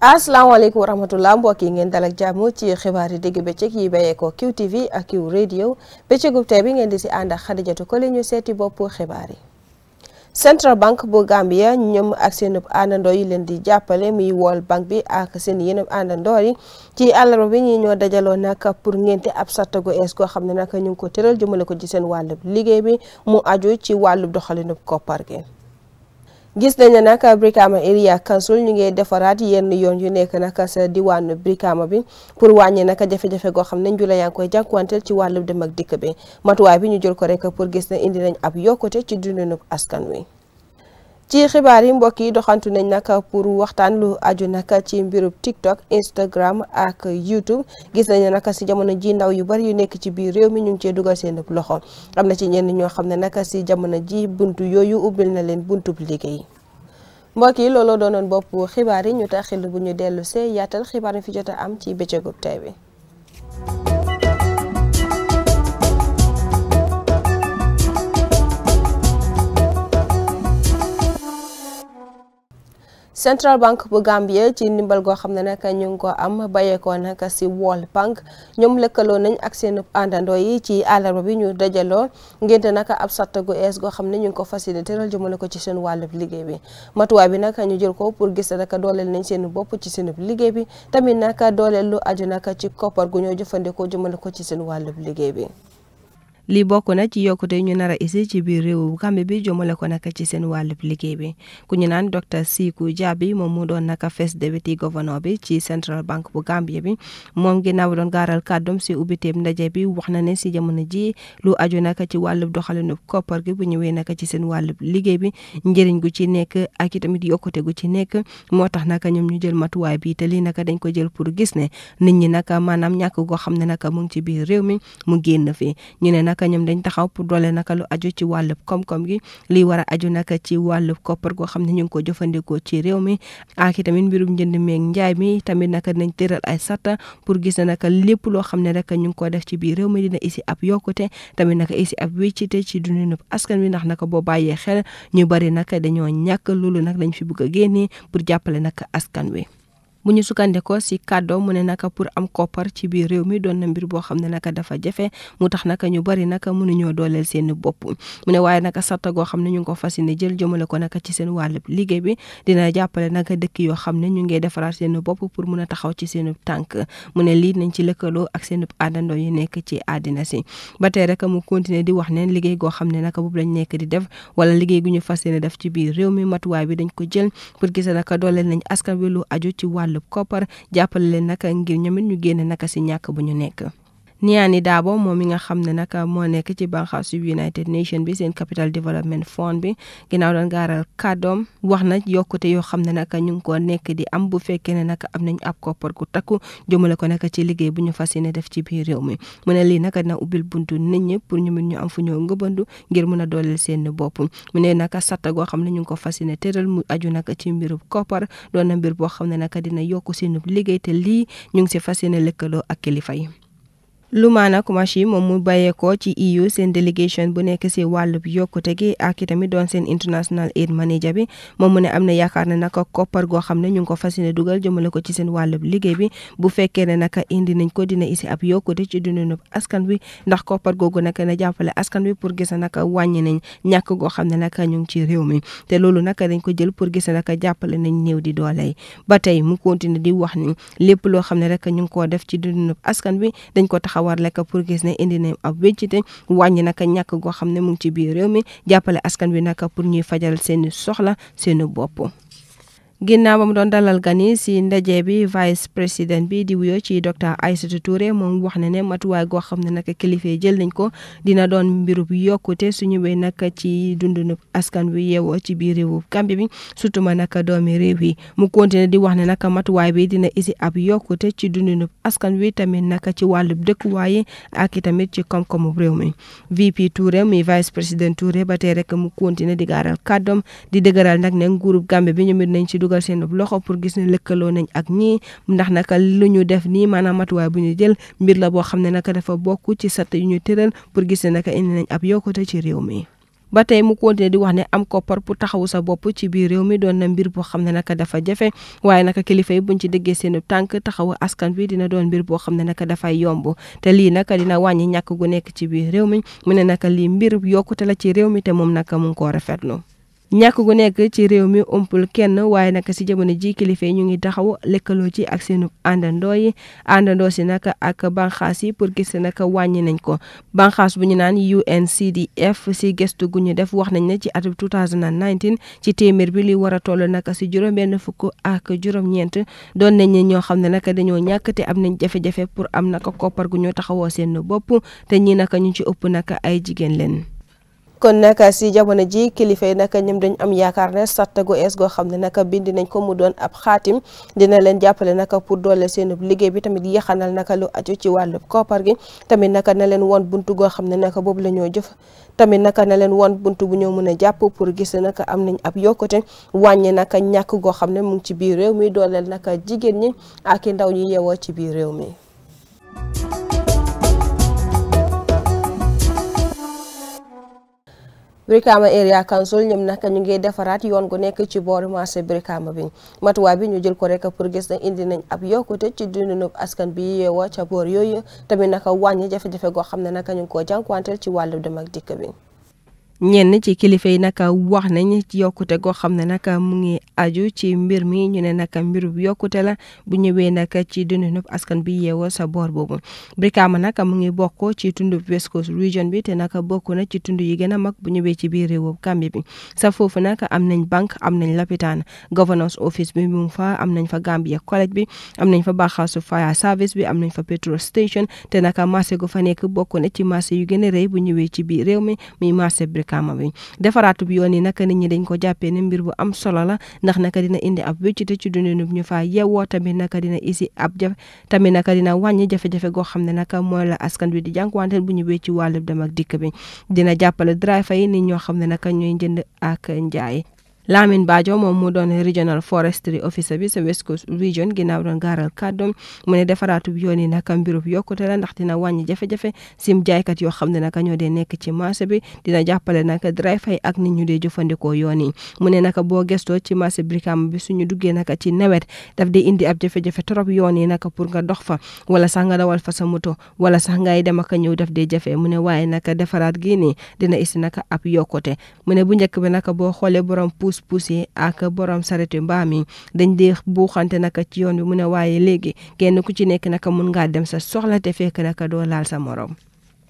asalaamaaleykum wa rahmatulah mbokk yi ngeen dalak jàmm ci xibaar yi digg bëccëg yi bayeekoo QTV ak Q radio bëccëgub tey bi ngeen di si ànd ak ko Kole ñu seeti bopp xibaar yi. Central Bank bu Gambia ñoom ak seen àndandoo yi leen di jàppale muy World Bank bi ak seen yeneen àndandoor yi ci àllarba bi ñi ñoo dajaloo nag pour ngente ab sartagu ees goo xam ne nag ñu ngi ko tëral jëmale ko ci seen wàllub liggéey bi mu aju ci wàllub doxalinub koppar gi. gis gisɗen naka brikama area council ñu ngi defaraat yenn yoon yu nekk naka sa diwaanu brikama bi pour wàññi naka jafe-jafe goo xam ne njula yaa ngi koy jànkuwanteel ci wàllu dem ak dikk bi matuwaay bi ñu jël ko rek pour gis ne indi nañ ab yokkute ci dundinu askan wi ci xibaar yi mbokk yi doxantu nañ nag pour waxtaan lu aju nag ci mbirub TikTok Instagram ak YouTube gis nañ nag si jamono ji ndaw yu bari yu nekk ci biir réew mi ñu ngi cee dugal seen loxo am na ci ñenn ñoo xam ne nag si jamono ji bunt yooyu ubbil na leen buntub liggéey. mbokk yi looloo doonoon bopp xibaar yi ñu taxil bu ñu dellu see yaatal xibaar yi fi jot am ci bëccëgub tey bi Central Bank bu Gambie ci ndimbal goo xam ne nag ñu ngi ko am bàyyeekoo nag si World Bank ñoom lëkkaloo nañ ak seen àndandoo yi ci àllarba bi ñu dajaloo ngénte nag ab sàtt gu ees goo xam ne ñu ngi ko faciliter jëmale ko ci seen wàllub liggéey bi matuwaay bi nag ñu jël ko pour gis nag dooleel nañ seen bopp ci seen liggéey bi tamit nag dooleel lu aju nag ci koppar gu ñoo jëfandikoo jëmale ko ci seen wàllub liggéey bi. li bokk na ci yokkute ñu nara a isi ci biir réew bu kambe bi jomale ko naka ci seen wàllub liggéey bi ku ñu naan docteur Siku Jabi moom mu doon naka first deputy gouverneur bi ci Central Bank bu Gambie bi moom ginnaaw doon gaaral kàddum si ubbiteeb ndaje bi wax na ne si jamono ji lu aju naka ci wàllub doxalinu koppar gi bu ñëwee naka ci seen wàllub liggéey bi njëriñ gu ci nekk ak itamit yokkute gu ci nekk moo tax naka ñoom ñu jël matuwaay bi te lii naka dañ ko jël pour gis ne nit ñi naka maanaam ñàkk goo xam ne naka mu ngi ci biir réew mi mu génn fi ñu ne naka naka ñoom dañ taxaw pour doole naka lu aju ci wàllub koom-koom gi li war a aju naka ci wàllub koppar goo xam ne ñu ngi ko jëfandikoo ci réew mi ak tamit mbirum njënd meeg njaay mi tamit naka nañ tëral ay sata pour gis na naka lépp loo xam ne rek ñu ngi ko def ci biir réew mi dina isi ab yokkute tamit naka isi ab wéccite ci dundinu askan wi ndax naka boo bàyyee xel ñu bari naka dañoo ñàkk loolu nag lañ fi bëgg a génnee pour jàppale naka askan wi mu ñu sukkandekoo si kàddoo mu ne naka pour am koppar ci biir réew mi doon na mbir boo xam ne naka dafa jafe mu tax naka ñu bari naka mënuñoo dooleel seen bopp mu ne waaye naka sarta goo xam ne ñu ngi ko fas yéene jël jëmale ko naka ci seen wàllub liggéey bi dina jàppale naka dëkk yoo xam ne ñu ngi defaraat seen bopp pour mun a taxaw ci seen tànk mu ne lii nañ ci lëkkaloo ak seen àndandoo yu nekk ci àddina si ba tey rek mu continuer di wax ne liggéey goo xam ne naka boobu lañ nekk di def wala liggéey gu ñu fas yéene def ci biir réew mi matuwaay bi dañ ko jël pour gis naka dooleel nañ askan wi lu aju ci wàll wàllub koppar jàppale leen nag ngir ñoom it ñu génne naka si ñàkk bu ñu nekk. Niani Dabo moom mi nga xam ne nag moo nekk ci banxaasu United Nations bi seen capital development foon bi ginnaaw doon gaaral kàddoom wax na yokkute yoo xam ne nag ñu ngi ko nekk di am bu fekkee ne nag am nañ ab koppar gu takku jëmale ko nag ci liggéey bu ñu fas yéene def ci biir réew mi mu ne lii nag dina ubbil buntu nit ñi pour ñu mun ñu am fu ñoo ngëbandu ngir mun a dooleel seen bopp mu ne nag satta goo xam ne ñu ngi ko fas yéene tëral mu aju nag ci mbirub koppar doon na mbir boo xam ne nag dina yokk seenub liggéey te lii ñu ngi si fas yéene lëkkaloo ak kilifa yi Lumana Komashy moom mu ko ci EU seen délégation bu nekk si wàllub yokkute gi ak itamit doon seen international aid manager bi moom mu ne am na yaakaar ne naka koppar goo xam ne ñu ngi ko fas yéene dugal jëmale ko ci seen wàllub liggéey bi bu fekke ne naka indi nañ ko dina isi ab yokkute ci dundinu askan wi ndax koppar googu naka na jàppale askan wi pour gis naka wàññi nañ ñàkk goo xam ne naka ñu ngi ci réew mi te loolu naka dañ ko jël pour gis naka jàppale nañ néew di doole ba tey mu continué di wax ni lépp loo xam ne rek ñu ngi koo def ci dundinu askan wi dañ ko tax a war lekk pour gis ne indi nañ a wéccite wàññi nag ñàkk goo xam ne mu ngi ci biir réew mi jàppale askan wi nag pour ñuy fajal seen soxla seeni bopp ginnaaw ba mu doon dalal gani si ndaje bi vice président bi di wuyoo ci docteur Aïssatou Touré moom wax na ne matuwaay goo xam ne nag kilifa jël nañ ko dina doon mbirub yokkute su ñëwee nag ci dundunu askan wi yeewoo ci biir réewu Gambie bi surtout ma nag doomi réew mu continué di wax ne nag matuwaay bi dina isi ab yokkute ci dundunu askan wi tamit nag ci wàllub dëkkuwaay ak i tamit ci koom-koomu réew mi VP Touré mi vice président Touré ba tey rek mu continué di gaaral kàddoom di dëgëral nag ne nguurub Gambie bi ñoom it nañ dugal seen loxo pour gis ne lëkkaloo nañ ak ñii ndax naka lu ñu def nii maanaam matuwaay bu ñu jël mbir la boo xam ne naka dafa bokku ci sat yu ñu tëral pour gis ne naka indi nañ ab yokkute ci réew mi. ba tey mu continué di wax ne am koppar pour taxawu sa bopp ci biir réew mi doon na mbir boo xam ne naka dafa jafe waaye naka kilifa yi ci déggee seenu tànk taxawu askan bi dina doon mbir boo xam ne naka dafay yomb te lii naka dina wàññi ñàkk gu nekk ci biir réew mi mu ne naka lii mbir yokkute la ci réew mi te moom naka mu ngi koo rafetlu ñàkk gu nekk ci réew mi umpul kenn waaye nag si jamono ji kilifa yi ñu ngi taxaw lëkkaloo ci ak seenu àndandoo yi àndandoo si nag ak banxaas yi pour gis nag wàññi nañ ko banxaas bu ñu naan UNCDF si gestu gu ñu def wax nañ ne ci atum 2019 ci téeméer bi li war a toll nag si juróom-benn fukk ak juróom-ñeent doon nañ ne ñoo xam ne nag dañoo ñàkk te am nañ jafe-jafe pour am nag koppar gu ñu taxawoo seen bopp te ñii nag ñu ci ëpp nag ay jigéen leen. kon nag si jamono ji kilifa yi nag ñoom dañu am yaakaar ne sarta gu es goo xam ne nag bindi nañ ko mu doon ab xaatim dina leen jàppale nag pour doole seen liggéey bi tamit yaxanal nag lu ajo ci wàllu koppar gi tamit naka na leen woon buntu goo xam ne nag boobu la ñoo jëf tamit naka na leen woon buntu bu ñoo mën a jàpp pour gis nag am nañ ab yokkute wàññi nag ñàkk goo xam ne mu ngi ci biir réew mi dooleel nag jigéen ñi ak ndaw ñi yeewoo ci biir réew mi. birkama Area Council ñum nak ñu ngi defaraat yoon gu nekk ci boori marché birkama bi matuwa bi ñu jël ko rek pour gis na indi nañ ab yokkute ci dundinu askan bi yewo ca boor yooyu tamit naka wàññi jafe-jafe go xam nak naka ñu ko jankwantel ci walu dem ak dikk bi ñenn ci kilifa yi nag wax nañ ci yokkute goo xam ne nag mu ngi aju ci mbir mi ñu ne nag mbiru yokkute la bu ñëwee nag ci dundinu askan bi yeewoo sa boor boobu Brikama nag mu ngi bokk ci tundu West Coast region bi te nag bokk na ci tund yi gën a mag bu ñëwee ci biir réewu kambi bi sa foofu nag am nañ banque am nañ lapitaan governance office bi mu fa am nañ fa Gambia college bi am nañ fa baaxaasu fire service bi am nañ fa petrol station te nag marché gu fa nekk bokk na ci marché yu gën a rëy bu ñëwee ci biir réew mi muy kàmm bi defaraatu bi yoon yi naka nit ñi dañ ko jàppee ne mbir bu am solo la ndax naka dina indi ab wéccite ci dundinu ñu faa yeewoo tamit naka dina isi ab jafe tamit naka dina wàññi jafe-jafe goo xam ne naka mooy la askan wi di jànkuwanteel bu ñu wéy ci wàllub dem ak dikk bi dina jàppale driver yi nit ñoo xam ne naka ñooy jënd ak njaay Lamin Bajo moom mu doon regional forestry officer bi sa West Coast region ginnaaw doon gaaral kàddoom mu ne defaraatub yoon yi naka mbirub yokkute la ndax na wàññi jafe-jafe sim jaaykat yoo xam ne naka ñoo dee nekk ci marché bi dina jàppale naka driver yi ak nit ñu dee jëfandikoo yoon yi mu ne naka boo gestoo ci marché Brikama bi suñu duggee naka ci nawet daf di indi ab jafe-jafe yoon yi naka pour nga dox fa wala sax nga fa sa moto wala sax ngay dem ak ñëw daf dee jafe mu ne waaye naka defaraat gii nii dina isi naka ab yokkute mu ne bu njëkk naka boo xoolee borom puus puus-puus yi ak borom saretu mbaam yi dañ dee buuxante naka ci yoon bi mu ne waaye léegi kenn ku ci nekk naka mun ngaa dem sa soxla te fekk naka doo laal sa morom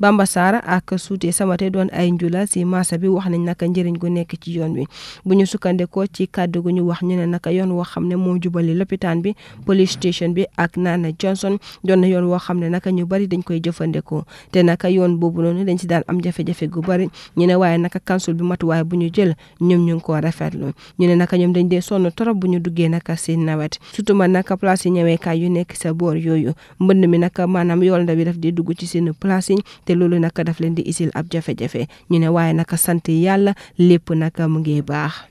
Bamba Sarr ak Suute Samate doon ay njula si marché bi wax nañ naka njëriñ gu nekk ci yoon wi bu ñu sukkandekoo ci kàddu gu ñu wax ñu ne naka yoon woo xam ne moo jubali lopitaan bi police station bi ak Nana Johnson doon na yoon woo xam ne naka ñu bari dañ koy jëfandikoo te naka yoon boobu noonu dañ si daan am jafe-jafe gu bari ñu ne waaye naka kansul bi matuwaay bu ñu jël ñoom ñu ngi koo rafetlu ñu ne naka ñoom dañ dee sonn trop bu ñu duggee naka si nawet surtout man naka place yi ñëweekaay yu nekk sa boor yooyu mbënd mi naka maanaam yool nda bi daf di dugg ci seen place yi te loolu nag daf leen di isil ab jafe-jafe ñu ne waaye nag sant yàlla lépp nag mu ngi baax.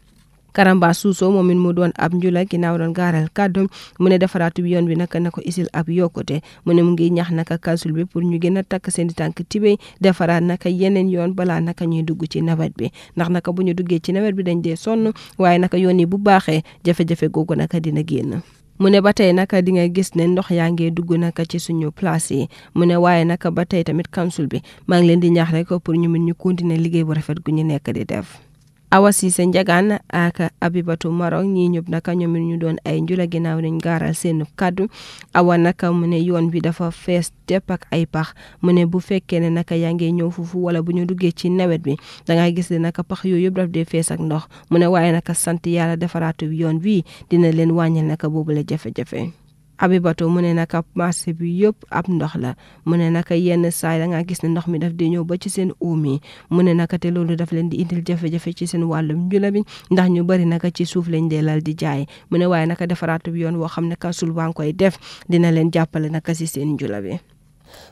Karamba Suso moom it mu doon ab njula ginnaaw doon gaaral kàddoom mu ne defaraatu yoon bi naka na ko isil ab yokkute mu ne mu ngi ñax naka council bi pour ñu gën a takk seen i tànk tibéy defaraat naka yeneen yoon balaa naka ñuy dugg ci nawet bi ndax naka bu ñu duggee ci nawet bi dañ dee sonn waaye naka yoon yi bu baaxee jafe-jafe googu naka dina génn. mu ne ba tey naka di nga gis ne ndox yaa ngi dugg naka ci suñu place yi mu ne waaye naka ba tey tamit council bi maa ngi leen di ñaax rek pour ñu mën ñu continuer liggéey bu rafet gu ñu nekk di def. Awa Ceesay Njagaan ak Abibatu Marong ñi ñëpp naka ñoomit ñu doon ay njula ginnaaw nañ gaaral seen kàddu awa naka mu ne yoon bi dafa fees tepp ay pax mu ne bu fekkee ne naka yaa ngi ñëw foofu wala bu ñu duggee ci nawet bi danga gis ne naka pax yooyu yëpp daf dee fees ak ndox mu ne waaye naka sant yàlla defaraatu yoon bii dina leen wàññil naka boobu la jafe-jafe abibato mu ne naka marché bi yëpp ab ndox la mu ne naka yenn saay da nga gis ne ndox mi daf di ñëw ba ci seen uum yi mu ne naka te loolu daf leen di indil jafe-jafe ci seen wàllum njula bi ndax ñu bëri naka ci suuf lañ deelal di jaay mu ne waaye naka defaraatu bi yoon woo xam ne kansul waa ngi koy def dina leen jàppale naka si seen njula bi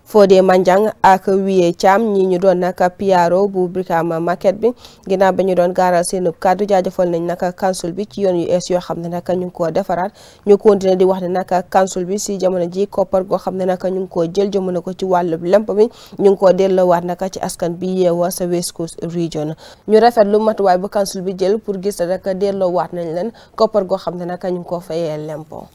foo Fodé Manjang ak Wiye Thiam ñi ñu doon nag PRO bu Brikama market bi ginnaaw ba ñu doon gaaral seen kàddu jaajëfal nañ nag kansul bi ci yoon yu es yoo xam ne nag ñu ngi koo defaraat ñu continué di wax ne nag council bi si jamono ji koppar goo xam ne nag ñu ngi koo jël jëmale ko ci wàllu lemp bi ñu ngi koo delloowaat nag ci askan bi yeewoo sa West Coast region ñu rafetlu matuwaay bu council bi jël pour gis nag delloowaat nañu leen koppar goo xam ne naka ñu ngi koo fayee lempo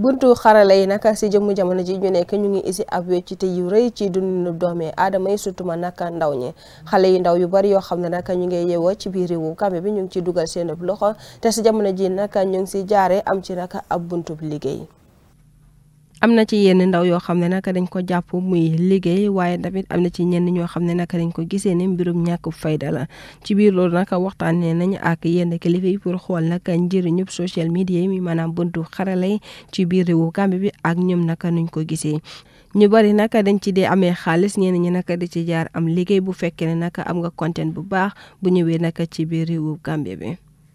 buntu xarala yi naka si jëmmu jamono ji ñu nekk ñu ngi isi ab weccite yu rëy ci dundu doome aadama yi surtout ma naka ndaw ñi xale yu ndaw yu bari yoo xam ne naka ñu ngi yeewoo ci biir réewu Gambi bi ñu ngi ci dugal seen loxo te si jamono ji naka ñu ngi si jaare am ci naka ab buntu liggéey am na ci yenn ndaw yoo xam ne naka dañ ko jàpp muy liggéey waaye tamit am na ci ñenn ñoo xam ne naka dañ ko gisee ne mbirum ñàkk fayda la ci biir loolu naka waxtaanee nañu ak yenn kilifa yi pour xool naka njëriñub social media yi maanaam buntu xarale ci biir réewu Gàmbi bi ak ñoom naka nuñ ko gisee. ñu bari naka dañ ci dee amee xaalis ñenn ñi naka di ci jaar am liggéey bu fekkee ne naka am nga content bu baax bu ñëwee naka ci biir réewu Gàmbi bi.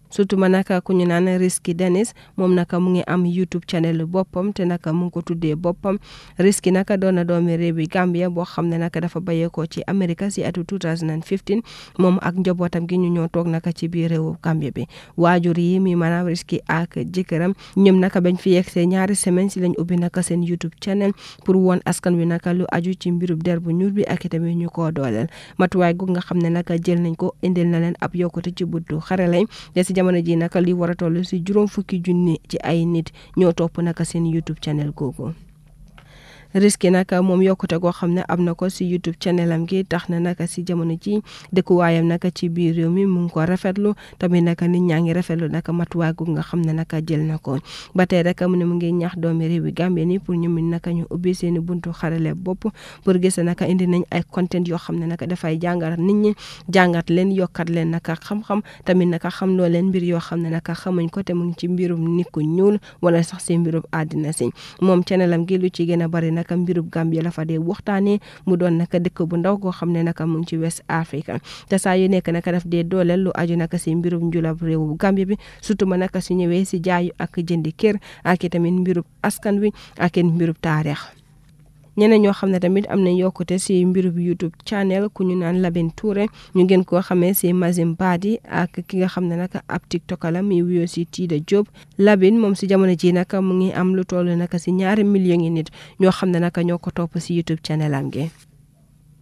surtout ma naka ku ñu naan Risky Dennis moom naka mu ngi am YouTube channel boppam te naka mu ngi ko tuddee boppam Risky naka doona na doomi bi Gambia boo xam ne naka dafa bàyyeekoo ci America si atu 2015 moom ak njabootam gi ñu ñoo toog naka ci biir réewu Gambia bi waajur yi mi maanaam Risky ak jëkkëram ñoom naka bañ fi yegsee ñaari semaine si lañ ubbi naka seen YouTube channel pour woon askan wi naka lu aju ci mbirub der bu ñuul bi ak itamit ñu koo dooleel matuwaay gu nga xam ne naka jël nañ ko indil na leen ab yokkute ci buddu xaralañ jamono ji naka li war a si juróom fukki junni ci ay nit ñoo topp naka seen YouTube channel googu. risque nak mom yokuta go xamne amna ko ci youtube channel am gi taxna nak ci si ci ji wayam nak ci biir rew mi mu ngi ko rafetlu tamit nak ni ñangi naka rafetlu nako, mat gu nga xamne nak jël nako batay rek mu ne mu ngi ñax doomi rew yi ni pour ñu min nak ñu ubbi seen buntu xarale bop pour nak indi nañ ay content yo xamne naka da fay ninyi nit ñi jangat leen yokkat leen nak xam-xam tamit nak xam no leen mbir yo xamne nak xamuñ ko te mu ngi ci mbirum nit ku ñuul wala sax ci mbirum seen mom channel am gi lu ci gëna bari naka mbirub Gambia la fa dee waxtaanee mu doon naka dëkk bu ndaw koo xam ne naka mu ci West Africa te saa yu nekk naka daf dee dooleel lu aju naka si mbirub njulab réewu Gambia bi surtout ma naka si ñëwee si jaayu ak jëndi kër ak itamit mbirub askan wi ak mbirub taarix ñeneen ñoo xam ne tamit am nañ yokkute si bi YouTube channel ku ñu naan Labin Touré ñu ngeen koo xamee si Mazim baadi ak ki nga xam ne nag ab tiktoker la muy wuyoo si tiida Diop Labin moom si jamono ji nag mu ngi am lu toll nag si ñaari millions yi nit ñoo xam ne nag ñoo ko topp si YouTube channel am gi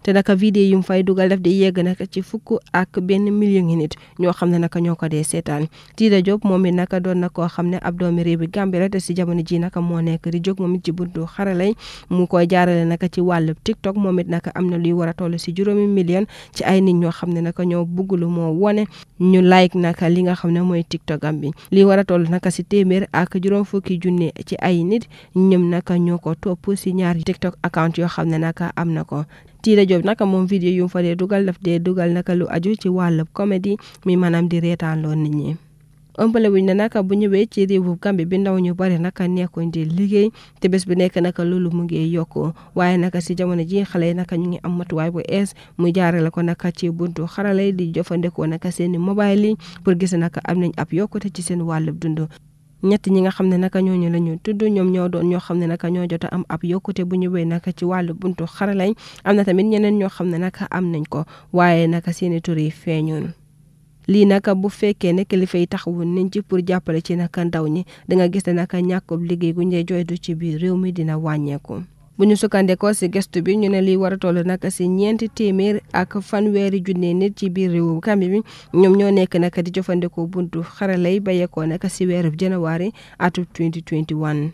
te naka vidéo yi mu fay dugal def di yegg naka ci fukk ak benn million yi nit ñoo xam ne naka ñoo ko dee seetaan Tida Diop moom it naka doon na koo xam ne ab doomi réew bi Gambie la te si jamono ji naka moo nekk di jog moom it ci buntu xaralañ mu koy jaarale naka ci wàllu TikTok moom it naka am na luy war a toll si juróomi million ci ay nit ñoo xam ne naka ñoo bugg moo wone ñu like naka li nga xam ne mooy TikTok am bi war a toll naka si téeméer ak juróom fukki junne ci ay nit ñoom naka ñoo ko topp si ñaar TikTok account yoo xam ne naka am na ko Tira Diop naka moom vidéo yu mu fa dee dugal daf dee dugal naka lu aju ci wàllub comédie mi maanaam di reetaanloo nit ñi. ëmpale wuñ ne naka bu ñëwee ci réewu Gambie bi ndaw ñu bari naka nekkuñ di liggéey te bés bu nekk naka loolu mu ngi yokku waaye naka si jamono ji xale yi naka ñu ngi am matuwaay bu ees mu jaarale ko naka ci buntu xarale di jëfandikoo naka seeni mobile yi pour gis naka am nañ ab yokkute ci seen wàllub dund. ñetti ñi nga xam ne naka ñooñu la tudd ñoom ñoo doon ñoo xam ne naka ñoo jot am ab yokkute bu ñu wéy naka ci wàllu buntu xaralañ am na tamit ñeneen ñoo xam ne naka am nañ ko waaye naka seeni tur yi feeñoon lii naka bu fekkee ne kilifa yi taxawu nañ ci pour jàppale ci naka ndaw ñi da nga gis ne naka ñàkkub liggéey gu ñu jooytu ci biir réew mi dina wàññeeku. bu ñu sukkandekoo ci gëstu bi ñu ne li war a toll nag ci ñeenti téeméer ak fanweeri junne nit ci biir réewu Gàmbi bi ñoom ñoo nekk nag di jëfandikoo buntu xaralay bayeekoo nag ci weerub janwaari atum 2021.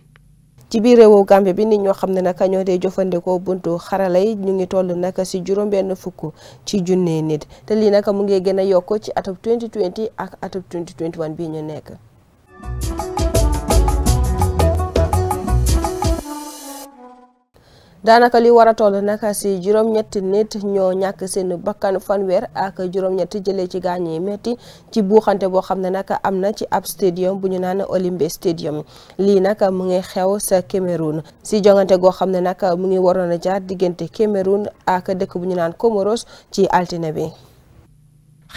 ci biir réewu Gàmbi bi nit ñoo xam ne nag ñoo dee jëfandikoo buntu xarala yi ñu ngi toll nag ci juróom-benn fukk ci junne nit te lii nag mu ngi gën a yokk ci at atum 2020 ak atum 2021 bii ñu nekk. daanaka li war a toll naka si juróom-ñetti nit ñoo ñàkk seen bakkan fanweer ak juróom-ñetti jëlee ci gaañ yi métti ci buuxante boo xam ne naka am na ci ab stadium bu ñu naan Olymbe stadium lii naka mu ngi xew sa Cameroun si jongante goo xam ne naka mu ngi waroon a jaar diggante Cameroun ak dëkk bu ñu naan Comoros ci altine bi.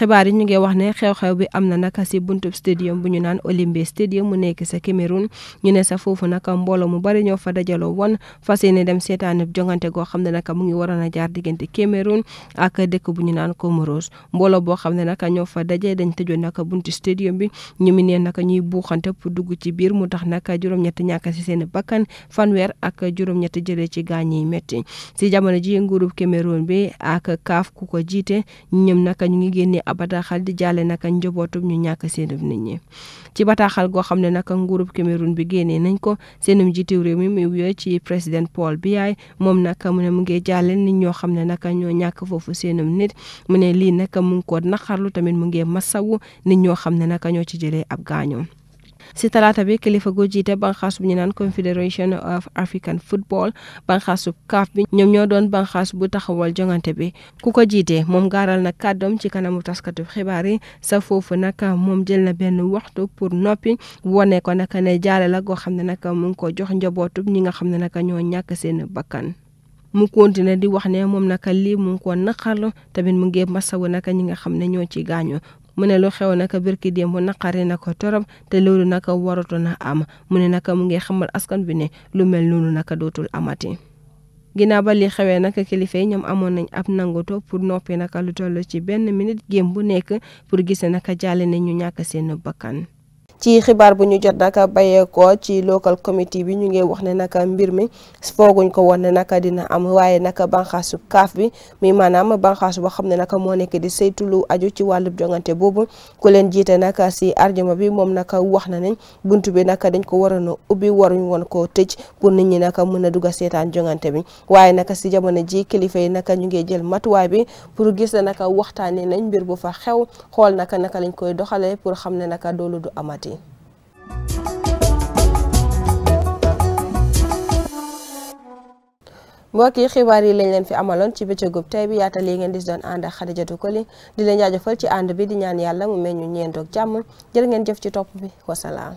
xibaar yi ñu ngi wax ne xew-xew bi am na naka si buntub stadium bu ñu naan Olympique stadium mu nekk sa Cameroun ñu ne sa foofu naka mbooloo mu bari ñoo fa dajaloo woon fas yéene dem seetaanib jongante goo xam ne naka mu ngi waroon a jaar diggante Cameroun ak dëkk bu ñu naan Comoros mbooloo boo xam ne naka ñoo fa daje dañ tëjoon naka buntu stadium bi ñu mi ne naka ñuy buuxante pour dugg ci biir mu tax naka juróom-ñett ñàkk si seen bakkan fanweer ak juróom-ñett jëlee ci gaañ yi metti si jamono ji nguurub Cameroun bi ak kaaf ku ko jiite ñoom naka ñu ngi génnee bataaxal di jaale naka njabootub ñu ñàkk seenub nit ñi ci bataaxal goo xam ne naka nguurub Cameroun bi génnee nañ ko seenum jiitu réew mi muy wuyoo ci président Paul yaay moom naka mu ne mu ngi jàlle nit ñoo xam ne naka ñoo ñàkk foofu seenum nit mu ne lii naka mu ngi ko tamit mu ngi masawu nit ñoo xam ne naka ñoo ci jëlee ab gaañoo si talaata bi kilifa gu jiite banxaas bu ñu naan Confederation of African Football banxaasu CAF bi ñoom ñoo doon banxaas bu taxawal jongante bi ku ko jiite moom gaaral na kàddoom ci kanamu taskatu xibaar yi sa foofu nag moom jël na benn waxtu pour noppi wone ko nag ne jaale la goo xam ne nag mu ngi ko jox njabootu ñi nga xam ne nag ñoo ñàkk seen bakkan. mu continué di wax ne moom naka lii mu ngi ko naqarlu tamit mu ngi masawu naka ñi nga xam ne ñoo ci gaañoo mu ne lu xew naka birki démb naqari na ko torop te loolu naka waratu na am mu ne naka mu ngi xamal askan bi ne lu mel noonu naka dootul amati. ginnaaw ba li xewee naka kilifa yi ñoom amoon nañ ab nangoto pour noppi naka lu toll ci benn minute géem bu nekk pour gise naka jàlle ne ñu ñàkk seen bakkan. ci xibaar bu ñu jot nag ko ci local committee bi ñu ngi wax ne nag mbir mi fooguñ ko woon ne nag dina am waaye nag banxaasu kaf bi muy maanaam banxaas boo xam ne nag moo nekk di saytu lu aju ci wàllub jongante boobu ku leen jiite nag si arjuma bi moom nag wax na ne buntu bi nag dañ ko waroon a ubbi waruñ woon koo tëj pour nit ñi nag mën a dugg seetaan jongante bi waaye nag si jamono ji kilifa yi nag ñu ngi jël matuwaay bi pour gis ne nag waxtaanee nañ mbir bu fa xew xool nag naka lañ koy doxalee pour xam nag du amati. mbokk yi xibaar yi lañ leen fi amaloon ci bëccëgub tey bi yaata lii ngeen di doon ànd ak Xadijatu li di leen jaajëfal ci ànd bi di ñaan yàlla mu meññu ñeendoog jàmm jërë ngeen jëf ci topp bi wasalaam